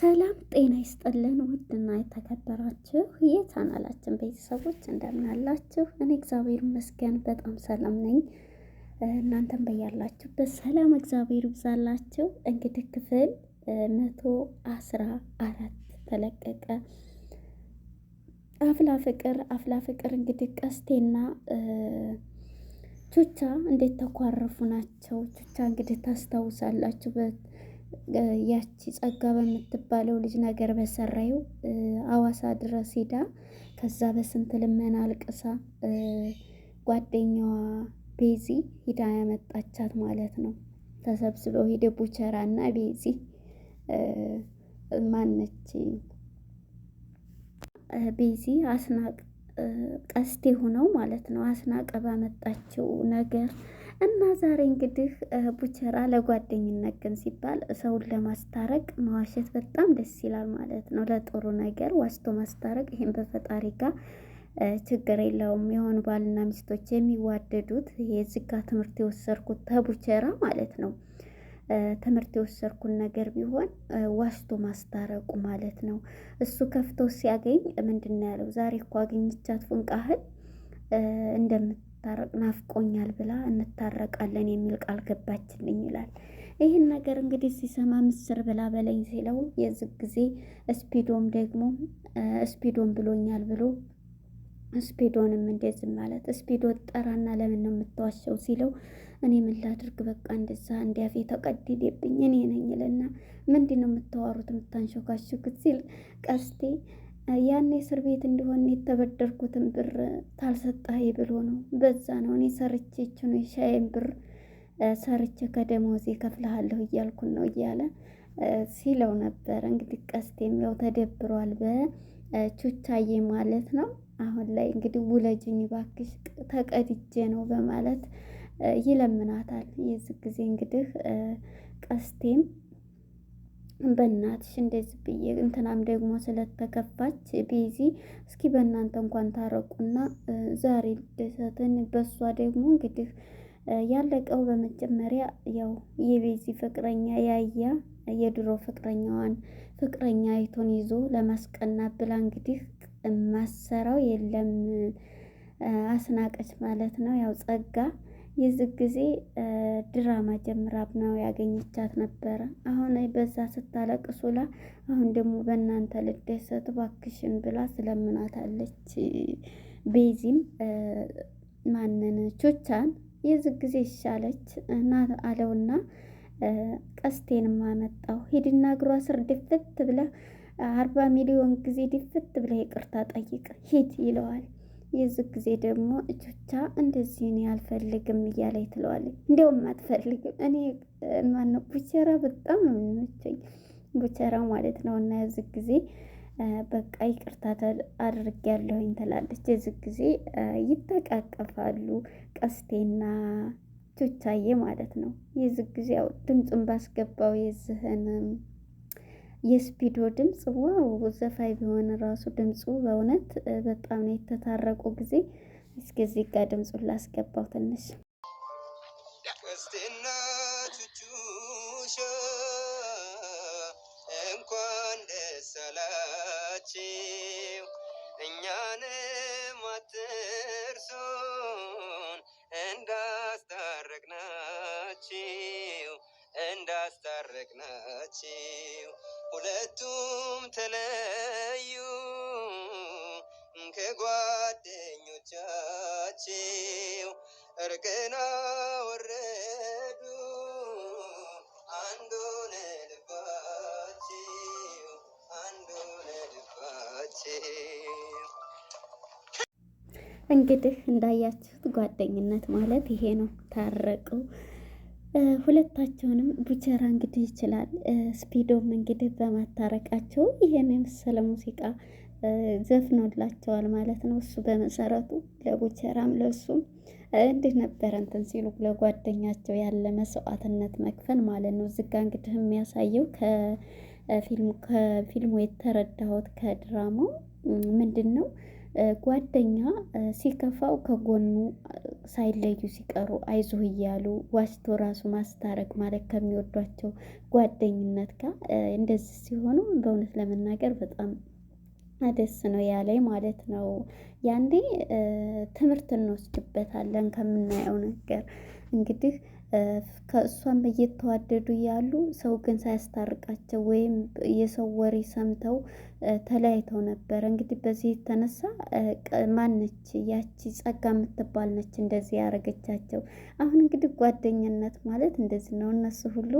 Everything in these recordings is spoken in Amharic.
ሰላም ጤና ይስጥልን። ውድና የተከበራችሁ የቻናላችን ቤተሰቦች እንደምን አላችሁ? እኔ እግዚአብሔር ይመስገን በጣም ሰላም ነኝ። እናንተም በያላችሁበት ሰላም እግዚአብሔር ይብዛላችሁ። እንግዲህ ክፍል መቶ አስራ አራት ተለቀቀ። አፍላ ፍቅር አፍላ ፍቅር እንግዲህ ቀስቴና ቹቻ እንዴት ተኳረፉ ናቸው። ቹቻ እንግዲህ ታስታውሳላችሁበት ያቺ ጸጋ በምትባለው ልጅ ነገር በሰራዩ አዋሳ ድረስ ሄዳ ከዛ በስንት ልመና አልቅሳ ጓደኛዋ ቤዚ ሂዳ ያመጣቻት ማለት ነው። ተሰብስበው ሄደ ቡቸራ እና ቤዚ ማነች ቤዚ አስናቅ ቀስቴ ሆነው ማለት ነው አስናቀ ባመጣችው ነገር እና ዛሬ እንግዲህ ቡቸራ ለጓደኝነት ግን ሲባል ሰውን ለማስታረቅ መዋሸት በጣም ደስ ይላል ማለት ነው። ለጥሩ ነገር ዋስቶ ማስታረቅ ይህም በፈጣሪ ጋር ችግር የለውም። የሆኑ ባልና ሚስቶች የሚዋደዱት የዝጋ ትምህርት የወሰድኩት ተቡቸራ ማለት ነው። ትምህርት የወሰድኩን ነገር ቢሆን ዋሽቶ ማስታረቁ ማለት ነው። እሱ ከፍቶ ሲያገኝ ምንድን ነው ያለው? ዛሬ እኮ አገኝቻት ፉንቃህን እንደምታረቅ ናፍቆኛል ብላ እንታረቃለን የሚል ቃል ገባችልኝ ይላል። ይህን ነገር እንግዲህ ሲሰማ ምስር ብላ በለኝ ሲለው የዚህ ጊዜ ስፒዶም ደግሞ ስፒዶም ብሎኛል ብሎ ስፒዶንም እንደዚህ ማለት ስፒዶ ጠራና ለምን ነው የምትዋሸው ሲለው እኔ ምን ላድርግ በቃ እንደዛ እንዲያፌ ተቀደደብኝ እኔ ነኝ ይልና ምንድን ነው የምታዋሩት የምታንሾካሹክት ሲል ቀስቴ ያኔ እስር ቤት እንዲሆን የተበደርኩትን ብር ታልሰጣይ ብሎ ነው። በዛ ነው እኔ ሰርቼች ነው የሻይን ብር ሰርቼ ከደሞዜ ከፍልሃለሁ እያልኩን ነው እያለ ሲለው ነበር። እንግዲህ ቀስቴም ያው ተደብሯል በቹቻዬ ማለት ነው። አሁን ላይ እንግዲህ ውለጅኝ ባክሽ ተቀድጄ ነው በማለት ይለምናታል። የዚህ ጊዜ እንግዲህ ቀስቴም በእናትሽ እንደዚህ ብዬ እንትናም ደግሞ ስለተከፋች ቤዚ እስኪ በእናንተ እንኳን ታረቁና ዛሬ ልደሰትን በእሷ ደግሞ እንግዲህ ያለቀው በመጀመሪያ ያው የቤዚ ፍቅረኛ ያያ የድሮ ፍቅረኛዋን ፍቅረኛ አይቶን ይዞ ለማስቀና ብላ እንግዲህ ማሰራው የለም አስናቀች ማለት ነው ያው ጸጋ የዚህ ጊዜ ድራማ ጀምራብ ነው ያገኘቻት ነበረ። አሁን በዛ ስታለቅሱ ላ አሁን ደግሞ በእናንተ ልደሰት ባክሽን ብላ ስለምናታለች። ቤዚም ማንን ቾቻን የዚህ ጊዜ ይሻለች እና አለውና ቀስቴን ማመጣው ሂድና እግሯ ስር ድፍት ብለ አርባ ሚሊዮን ጊዜ ድፍት ብለ ይቅርታ ጠይቅ ሂድ ይለዋል። የዚህ ጊዜ ደግሞ እጆቻ እንደዚህ እኔ አልፈልግም እያለኝ ትለዋለች። እንዲያውም አትፈልግም እኔ ማነው ቡቸራ በጣም ነው የሚመቸኝ ቡቸራ ማለት ነው። እና የዚህ ጊዜ በቃ ይቅርታ አድርግ አድርጌያለሁኝ ትላለች። የዚህ ጊዜ ይጠቃቀፋሉ ቀስቴና ቹቻዬ ማለት ነው። የዚህ ጊዜ ያው ድምፁን ባስገባው የዚህን የስፒዶ ድምፅ ዋው ዘፋይ ቢሆን ራሱ ድምፁ በእውነት በጣም ነው የተታረቁ ጊዜ። እስከዚህ ጋር ድምፁን ላስገባው ትንሽ እንኳን ደስ አላችሁ እኛንም አትርሱን እንዳስታረቅናችሁ እንዳስታረቅናችሁ ሁለቱም ተለዩ ከጓደኞቻቸው እርቅና ወረዱ አንዱ ለልባቸው አንዱ ለልባቸው። እንግዲህ እንዳያችሁት ጓደኝነት ማለት ይሄ ነው። ታረቁ። ሁለታቸውንም ቡቸራ እንግዲህ ይችላል። ስፒዶም እንግዲህ በማታረቃቸው ይህን የመሰለ ሙዚቃ ዘፍኖላቸዋል ማለት ነው። እሱ በመሰረቱ ለቡቸራም ለሱም እንዴት ነበረ እንትን ሲሉ ለጓደኛቸው ያለ መስዋዕትነት መክፈል ማለት ነው። እዚጋ እንግዲህ የሚያሳየው ከፊልሙ የተረዳሁት ከድራማው ምንድን ነው ጓደኛ ሲከፋው ከጎኑ ሳይለዩ ሲቀሩ አይዞ እያሉ ዋሽቶ ራሱ ማስታረቅ ማለት ከሚወዷቸው ጓደኝነት ጋር እንደዚህ ሲሆኑ በእውነት ለመናገር በጣም ደስ ነው ያለኝ ማለት ነው። ያኔ ትምህርት እንወስድበታለን ከምናየው ነገር እንግዲህ ከእሷም እየተዋደዱ ያሉ ሰው ግን ሳያስታርቃቸው ወይም የሰው ወሬ ሰምተው ተለያይተው ነበረ። እንግዲህ በዚህ የተነሳ ማነች ያቺ ጸጋ የምትባል ነች እንደዚህ ያደረገቻቸው። አሁን እንግዲህ ጓደኝነት ማለት እንደዚህ ነው። እነሱ ሁሉ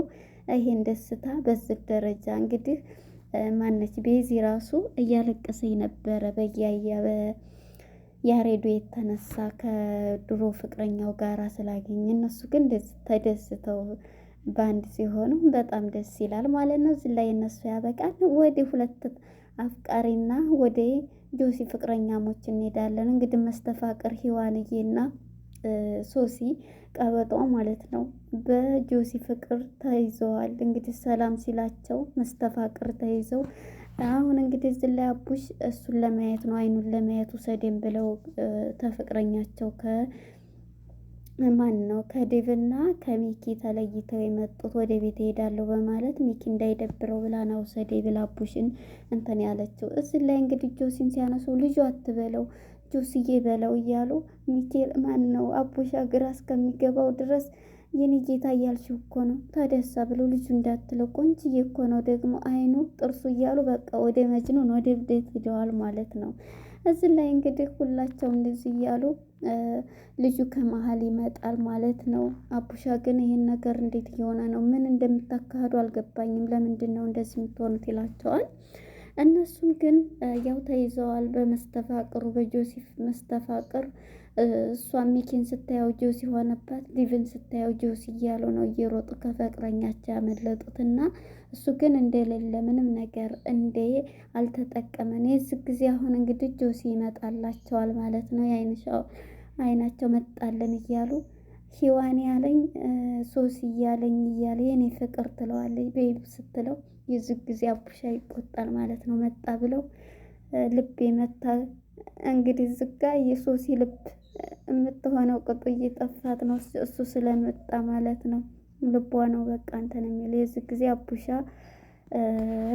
ይሄን ደስታ በዚህ ደረጃ እንግዲህ ማነች ቤዚ ራሱ እያለቀሰኝ ነበረ በያያ ያሬዱ የተነሳ ከድሮ ፍቅረኛው ጋራ ስላገኝ እነሱ ግን ተደስተው በአንድ ሲሆኑ በጣም ደስ ይላል ማለት ነው። እዚህ ላይ እነሱ ያበቃል። ወደ ሁለት አፍቃሪና ወደ ጆሲ ፍቅረኛሞች እንሄዳለን። እንግዲህ መስተፋቅር ሂዋንዬና ሶሲ ቀበጧ ማለት ነው በጆሲ ፍቅር ተይዘዋል። እንግዲህ ሰላም ሲላቸው መስተፋቅር ተይዘው አሁን እንግዲህ እዚህ ላይ አቡሽ እሱን ለማየት ነው አይኑን ለማየት ውሰደን ብለው ተፈቅረኛቸው ከማን ነው ከዴቭና ከሚኪ ተለይተው የመጡት ወደ ቤት እሄዳለሁ በማለት ሚኪ እንዳይደብረው ብላ ነው ውሰዴ ብላ አቡሽን እንትን ያለችው። እዚህ ላይ እንግዲህ ጆሲን ሲያነሰው ልጁ አትበለው ጆስዬ በለው እያሉ ሚኪ ማን ነው አቡሻ ግራ እስከሚገባው ድረስ የኔ ጌታ እያልሽው እኮ ነው። ታደሳ ብሎ ልጁ እንዳትለው ቆንጅዬ እኮ ነው ደግሞ አይኑ ጥርሱ እያሉ በቃ ወደ መጅኑን ወደ ብዴት ሂደዋል ማለት ነው። እዚህ ላይ እንግዲህ ሁላቸው እንደዚህ እያሉ ልጁ ከመሀል ይመጣል ማለት ነው። አቡሻ ግን ይህን ነገር እንዴት እየሆነ ነው? ምን እንደምታካሂዱ አልገባኝም። ለምንድን ነው እንደዚህ የምትሆኑት? ይላቸዋል። እነሱም ግን ያው ተይዘዋል በመስተፋቅሩ በጆሴፍ መስተፋቅር እሷ ሚኪን ስታየው ጆሲ ሆነባት፣ ሊቭን ስታየው ጆሲ እያሉ ነው እየሮጡ ከፍቅረኛቸው ያመለጡት እሱ ግን እንደሌለ ምንም ነገር እንደ አልተጠቀመን። የዚህ ጊዜ አሁን እንግዲህ ጆሲ ይመጣላቸዋል ማለት ነው። አይናቸው መጣለን እያሉ ሂዋን ያለኝ ሶስ እያለኝ እያለ የኔ ፍቅር ትለዋለች ቤቢ ስትለው የዚህ ጊዜ አቡሻ ይቆጣል ማለት ነው። መጣ ብለው ልቤ መታ እንግዲህ ዝጋ የሶሲ ልብ የምትሆነው ቅጡዬ ጠፋት ነው እሱ ስለመጣ ማለት ነው። ልቧ ነው በቃ እንትን የሚለው የዚህ ጊዜ አቡሻ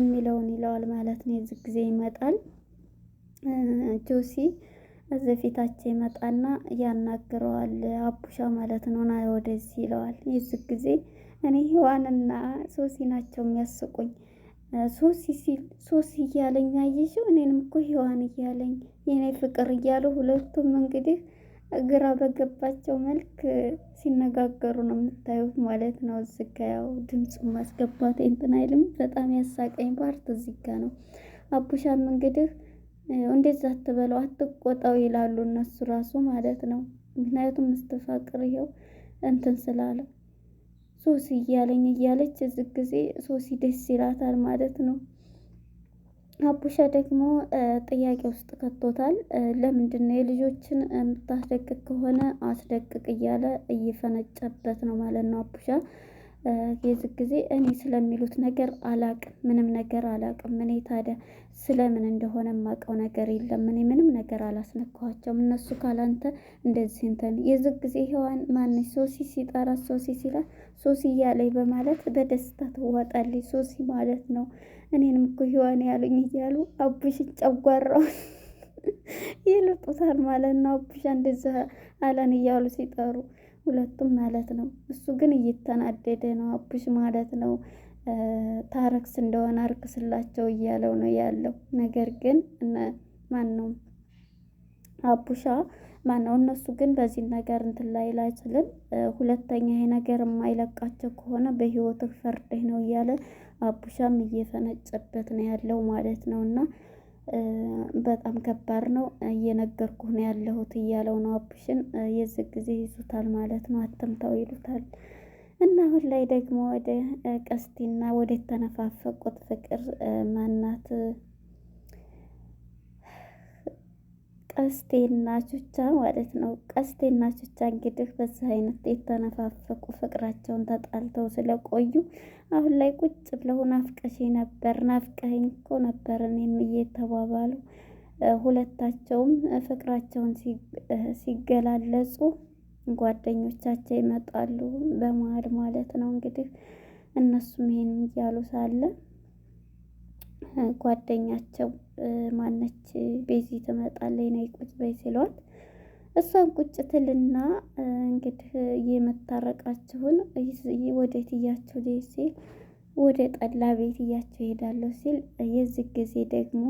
የሚለውን ይለዋል ማለት ነው። የዚህ ጊዜ ይመጣል ጆሲ እዚህ ፊታቸው ይመጣና ያናግረዋል አቡሻ ማለት ነው። ና ወደዚህ ይለዋል። የዚህ ጊዜ እኔ ህዋንና ሶሲ ናቸው የሚያስቁኝ ሶሲ ሲል ሶሲ እያለኝ አየሽው፣ እኔንም እኮ ሔዋን እያለኝ የኔ ፍቅር እያሉ ሁለቱም እንግዲህ ግራ በገባቸው መልክ ሲነጋገሩ ነው የምታዩት ማለት ነው። እዚህ ያው ድምፁ ማስገባት እንትን አይልም። በጣም ያሳቀኝ ፓርት እዚህ ነው። አቡሻም እንግዲህ እንደዛ አትበለው አትቆጣው ይላሉ እነሱ ራሱ ማለት ነው። ምክንያቱም ምስትፋቅር ይኸው እንትን ስላለው ሶሲ እያለኝ እያለች እዚህ ጊዜ ሶሲ ደስ ይላታል ማለት ነው። አቡሻ ደግሞ ጥያቄ ውስጥ ከቶታል። ለምንድን ነው የልጆችን የምታስደቅቅ ከሆነ አስደቅቅ እያለ እየፈነጨበት ነው ማለት ነው። አቡሻ የዚህ ጊዜ እኔ ስለሚሉት ነገር አላቅም፣ ምንም ነገር አላቅም። እኔ ታዲያ ስለምን እንደሆነ የማውቀው ነገር የለም። እኔ ምንም ነገር አላስነካኋቸውም። እነሱ ካላንተ እንደዚህ እንትን የዚህ ጊዜ ሔዋን ማነች ሶሲ ሲጠራት ሶሲ ሲላት ሶሲ እያለኝ በማለት በደስታ ትዋጣለች። ሶሲ ማለት ነው። እኔንም እኮ ህዋን ያሉኝ እያሉ አቡሽን ጨጓራውን ይልጡታል ማለት ነው። አቡሻ እንደዛ አለን እያሉ ሲጠሩ ሁለቱም ማለት ነው። እሱ ግን እየተናደደ ነው አቡሽ ማለት ነው። ታረክስ እንደሆነ አርክስላቸው እያለው ነው ያለው። ነገር ግን ማን ነው አቡሻ ማነው እነሱ ግን በዚህ ነገር እንትን ላይ ላይችልም። ሁለተኛ ይሄ ነገር የማይለቃቸው ከሆነ በህይወትህ ፈርድህ ነው እያለ አቡሻም እየፈነጨበት ነው ያለው ማለት ነው። እና በጣም ከባድ ነው እየነገርኩህ ነው ያለሁት እያለው ነው አቡሽን። የዚህ ጊዜ ይዙታል ማለት ነው፣ አተምተው ይሉታል። እና አሁን ላይ ደግሞ ወደ ቀስቲና ወደ ተነፋፈቁት ፍቅር ማናት ቀስቴና ቹቻ ማለት ነው። ቀስቴና ቹቻ እንግዲህ በዚህ አይነት የተነፋፈቁ ፍቅራቸውን ተጣልተው ስለቆዩ አሁን ላይ ቁጭ ብለው ናፍቀሽ ነበር ናፍቀኝ እኮ ነበር እኔም እየተባባሉ ሁለታቸውም ፍቅራቸውን ሲገላለጹ ጓደኞቻቸው ይመጣሉ በመሀል ማለት ነው። እንግዲህ እነሱም ይሄን እያሉ ሳለ ጓደኛቸው ማነች ቤዚ ትመጣለች፣ ነይ ቁጭ በይ ሲሏት እሷን ቁጭ ትልና እንግዲህ የመታረቃችሁን ወዴት እያችሁ ሲል ወደ ጠላ ቤት እያችሁ ይሄዳለሁ ሲል የዚህ ጊዜ ደግሞ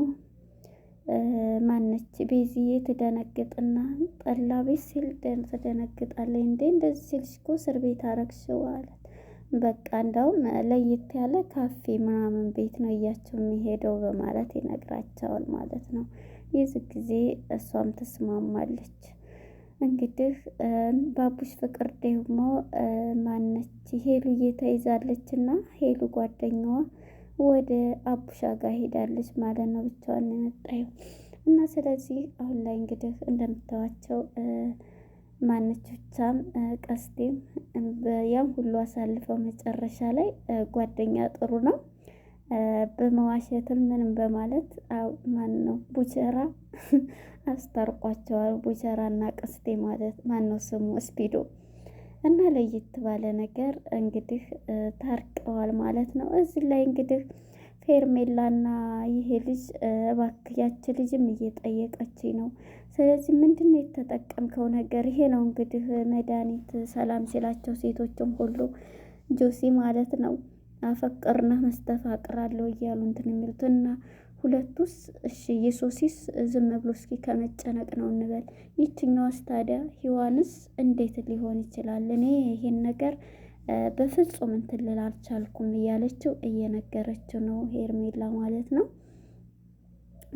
ማነች ቤዚ ትደነግጥና ጠላ ቤት ሲል ትደነግጣለች። እንዴ እንደዚህ ሲልሽ እኮ እስር ቤት አረግሽው አለ። በቃ እንደውም ለየት ያለ ካፌ ምናምን ቤት ነው እያቸው የሚሄደው በማለት ይነግራቸዋል ማለት ነው። የዚህ ጊዜ እሷም ትስማማለች። እንግዲህ ባቡሽ ፍቅር ደግሞ ማነች ሄሉ እየተይዛለች እና ሄሉ ጓደኛዋ ወደ አቡሻ ጋር ሄዳለች ማለት ነው። ብቻዋን የመጣየው እና ስለዚህ አሁን ላይ እንግዲህ እንደምታዋቸው ማንቾቻም ቀስቴም ያም ሁሉ አሳልፈው መጨረሻ ላይ ጓደኛ ጥሩ ነው በመዋሸትም ምንም በማለት ማን ነው ቡቸራ አስታርቋቸዋል። ቡቸራ እና ቀስቴ ማለት ማን ነው ስሙ ስፒዶ እና ለየት ባለ ነገር እንግዲህ ታርቀዋል ማለት ነው። እዚህ ላይ እንግዲህ ፌርሜላና ይሄ ልጅ እባክህ ያች ልጅም እየጠየቀችኝ ነው። ስለዚህ ምንድን ነው የተጠቀምከው ነገር? ይሄ ነው እንግዲህ መድኃኒት ሰላም ሲላቸው ሴቶችም ሁሉ ጆሲ ማለት ነው አፈቅርና መስተፋቅራለሁ እያሉ እንትን የሚሉት እና ሁለቱስ እሺ የሶሲስ ዝም ብሎ እስኪ ከመጨነቅ ነው እንበል። ይችኛዋስ ታዲያ ህዋንስ እንዴት ሊሆን ይችላል? እኔ ይሄን ነገር በፍጹም እንትን ልል አልቻልኩም እያለችው እየነገረችው ነው ሄርሜላ ማለት ነው።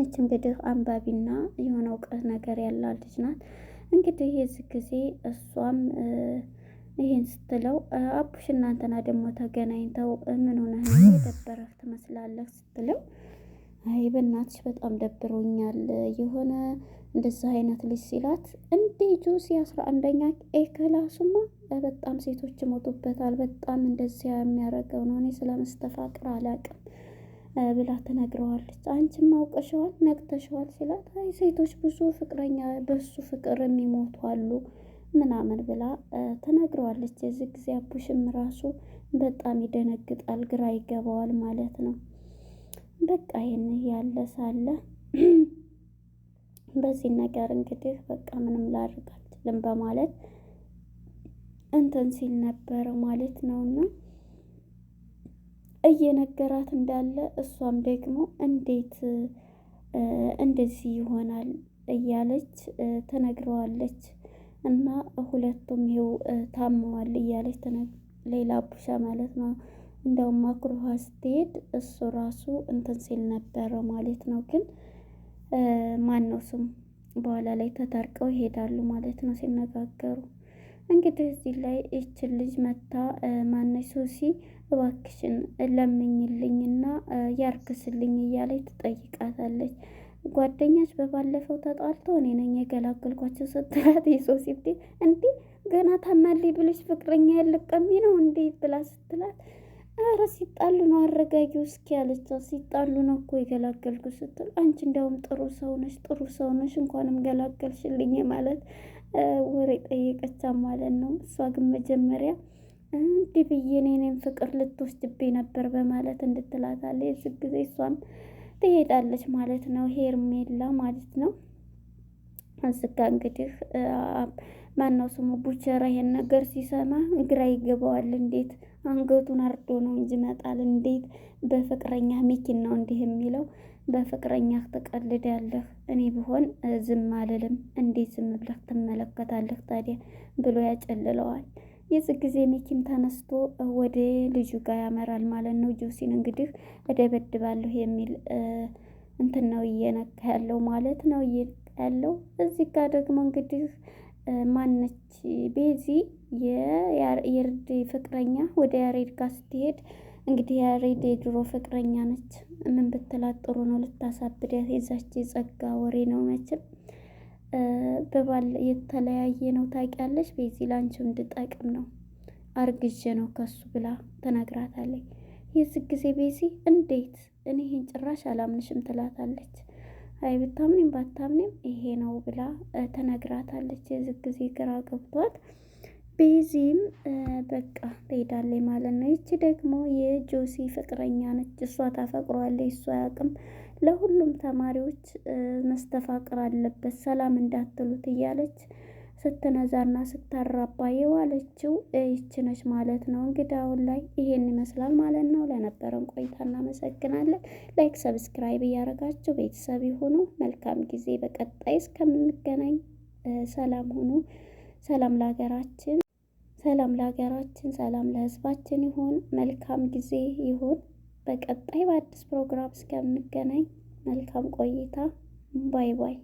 እች እንግዲህ አንባቢና የሆነ እውቀት ነገር ያላ ልጅ ናት። እንግዲህ የዚህ ጊዜ እሷም ይህን ስትለው አቡሽ እናንተና ደግሞ ተገናኝተው ምን ሆነህ የደበረህ ትመስላለህ ስትለው አይ በእናትሽ በጣም ደብሮኛል የሆነ እንደዛ አይነት ልጅ ሲላት እንዴ ጆሲ አስራ አንደኛ ኤ ክላሱማ በጣም ሴቶች ይሞቱበታል። በጣም እንደዚያ የሚያደርገው ነው። እኔ ስለ መስተፋቅር አላውቅም ብላ ተነግረዋለች። አንቺም አውቀሸዋል፣ ነግተሸዋል ሲላት አይ ሴቶች ብዙ ፍቅረኛ በሱ ፍቅር የሚሞቱ አሉ ምናምን ብላ ተነግረዋለች። የዚህ ጊዜ አቡሽም ራሱ በጣም ይደነግጣል፣ ግራ ይገባዋል ማለት ነው። በቃ ይህን ያለ ሳለ በዚህ ነገር እንግዲህ በቃ ምንም ላድርግ አልችልም በማለት እንትን ሲል ነበር ማለት እና እየነገራት እንዳለ እሷም ደግሞ እንዴት እንደዚህ ይሆናል እያለች ትነግረዋለች። እና ሁለቱም ይኸው ታመዋል እያለች ሌላ ቡሻ ማለት ነው። እንደውም አኩርፋ ስትሄድ እሱ ራሱ እንትን ሲል ነበረ ማለት ነው ግን ማን ነው ስም በኋላ ላይ ተታርቀው ይሄዳሉ ማለት ነው ሲነጋገሩ። እንግዲህ እዚህ ላይ ይችን ልጅ መታ ማነች ሶሲ እባክሽን ለምኝልኝና ያርክስልኝ እያለች ትጠይቃታለች። ጓደኛች በባለፈው ተጣልተው እኔ ነኝ የገላገልኳቸው ስትላት የሶሲ እንዲህ ገና ታማሌ ብልሽ ፍቅረኛ ያልቀሚ ነው እንዴ ብላ ስትላት አረ ሲጣሉ ነው አረጋጊ እስኪ ያለቻ ሲጣሉ ነው እኮ የገላገልኩ ስትል አንቺ እንዲያውም ጥሩ ሰውነሽ፣ ጥሩ ሰውነሽ እንኳንም ገላገልሽልኝ ማለት ወሬ ጠየቀቻ ማለት ነው። እሷ ግን መጀመሪያ እንዲህ ብዬ እኔን ፍቅር ልትወስድብኝ ነበር በማለት እንድትላታለ የዚ ጊዜ እሷም ትሄዳለች ማለት ነው ሄርሜላ ማለት ነው። እዚህ እንግዲህ ማነው ስሙ ቡቸራ ይሄን ነገር ሲሰማ ግራ ይገባዋል። እንዴት አንገቱን አርዶ ነው እንጂ መጣል እንዴት በፍቅረኛ ሚኪን ነው እንዲህ የሚለው በፍቅረኛ ትቀልዳለህ፣ እኔ ብሆን ዝም አልልም፣ እንዴት ዝም ብለህ ትመለከታለህ ታዲያ ብሎ ያጨልለዋል። የዚ ጊዜ ሚኪም ተነስቶ ወደ ልጁ ጋር ያመራል ማለት ነው። ጆሲን እንግዲህ እደበድባለሁ የሚል እንትን ነው እየነካ ያለው ማለት ነው እየነካ ያለው። እዚህ ጋር ደግሞ እንግዲህ ማነች ቤዚ የያሬድ ፍቅረኛ ወደ ያሬድ ጋር ስትሄድ እንግዲህ ያሬድ የድሮ ፍቅረኛ ነች። ምን ብትላት ጥሩ ነው? ልታሳብደ የዛች የጸጋ ወሬ ነው መችም በባል የተለያየ ነው ታውቂያለሽ። ቤዚ ላንቺ እንድጠቅም ነው አርግዤ ነው ከሱ ብላ ተናግራታለች። የዚህ ጊዜ ቤዚ እንዴት እኔ ይህን ጭራሽ አላምንሽም ትላታለች። አይ ብታምንም ባታምንም ይሄ ነው ብላ ተነግራታለች። የዚህ ጊዜ ግራ ገብቷት ቤዚም በቃ ትሄዳለች ማለት ነው። ይቺ ደግሞ የጆሲ ፍቅረኛ ነች። እሷ ታፈቅሯለች፣ እሷ አያውቅም። ለሁሉም ተማሪዎች መስተፋቅር አለበት ሰላም እንዳትሉት እያለች ስትነዛና ስታራባ የዋለችው ነች ማለት ነው። እንግዲህ አሁን ላይ ይሄን ይመስላል ማለት ነው። ለነበረን ቆይታ እናመሰግናለን። ላይክ፣ ሰብስክራይብ እያደረጋችሁ ቤተሰብ ይሁኑ። መልካም ጊዜ። በቀጣይ እስከምንገናኝ ሰላም ሁኑ። ሰላም ለሀገራችን፣ ሰላም ለሀገራችን፣ ሰላም ለህዝባችን ይሁን። መልካም ጊዜ ይሁን። በቀጣይ በአዲስ ፕሮግራም እስከምንገናኝ መልካም ቆይታ። ባይ ባይ።